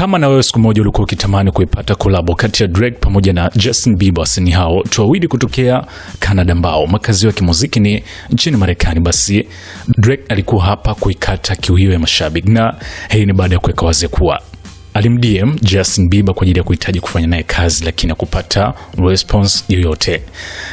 Kama na wewe siku moja ulikuwa ukitamani kuipata kolabo kati ya Drake pamoja na Justin Bieber, ni hao tu kutokea Canada ambao makazi yao ya kimuziki ni nchini Marekani, basi Drake alikuwa hapa kuikata kiu hiyo ya mashabiki, na hii ni baada ya kuweka wazi kuwa alimdm Justin Bieber kwa ajili ya kuhitaji kufanya naye kazi lakini hakupata response yoyote.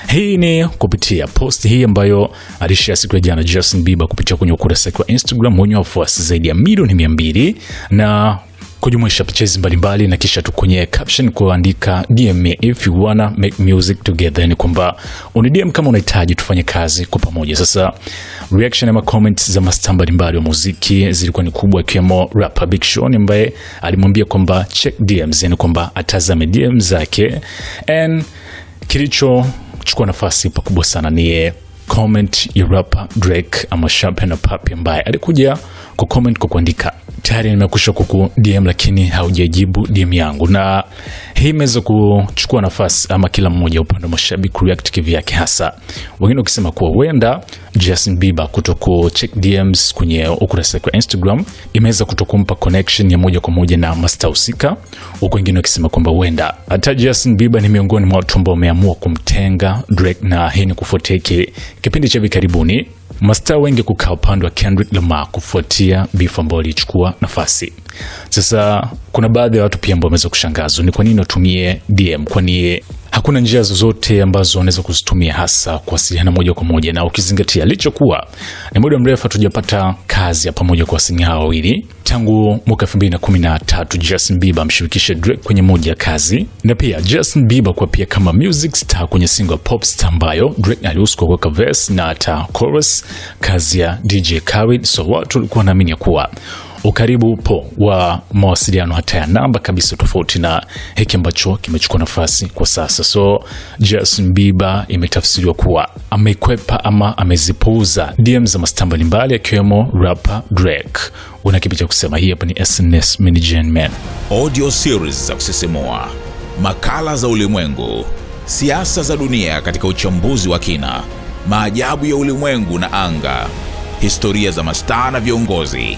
Hii ni kupitia post hii ambayo alishare siku ya jana Justin Bieber kupitia kwenye ukurasa wake wa Instagram wenye wafuasi zaidi ya milioni mia mbili na kujumuisha pechezi mbalimbali na kisha tu kwenye caption kuandika DM me if you wanna make music together, ni kwamba uni DM kama unahitaji tufanye kazi kwa pamoja. Sasa reaction ama comments za masta mbalimbali wa muziki zilikuwa ni kubwa, ikiwemo rapper Big Sean ambaye alimwambia kwamba check DMs, yani kwamba atazame DM zake, and kilichochukua nafasi pakubwa sana ni comment ya rapper Drake ama na Papi ambaye alikuja ku comment kwa kuandika tayari nimekusha kuku DM lakini haujajibu DM yangu, na hii imeweza kuchukua nafasi ama kila mmoja upande wa mashabiki react kivyake, hasa wengine ukisema kuwa huenda Justin Bieber kutoku check DMs kwenye ukurasa wa Instagram imeweza kutokumpa connection ya moja kwa moja na master husika, huku wengine wakisema kwamba huenda hata Justin Bieber ni miongoni mwa watu ambao wameamua kumtenga Drake, na hii ni kufuatia kipindi cha hivi karibuni mastaa wengi kukaa upande wa Kendrick Lamar kufuatia bifu ambayo alichukua nafasi. Sasa kuna baadhi ya watu pia ambao wameweza kushangazwa ni kwa nini watumie DM, kwani hakuna njia zozote ambazo wanaweza kuzitumia hasa kuwasiliana moja kwa moja, na ukizingatia kuwa ni muda mrefu hatujapata kazi ya pamoja kwa wasanii hawa wawili tangu mwaka tatu Justin Bieber amshirikishe Drake kwenye moja ya kazi, na pia Justin Bieber kwa pia kama music star kwenye single pop star ambayo Drake alihusu kwa kuweka verse na hata chorus, kazi ya DJ Khaled. So watu walikuwa wanaamini kuwa ukaribu upo wa mawasiliano hata ya namba kabisa, tofauti na hiki ambacho kimechukua nafasi kwa sasa. So Justin Bieber imetafsiriwa kuwa amekwepa ama amezipuuza DM za mastaa mbalimbali akiwemo rapa Drake. Una kipi cha kusema? Hii hapa ni SNS Minigen Man, audio series za kusisimua, makala za ulimwengu, siasa za dunia katika uchambuzi wa kina, maajabu ya ulimwengu na anga, historia za mastaa na viongozi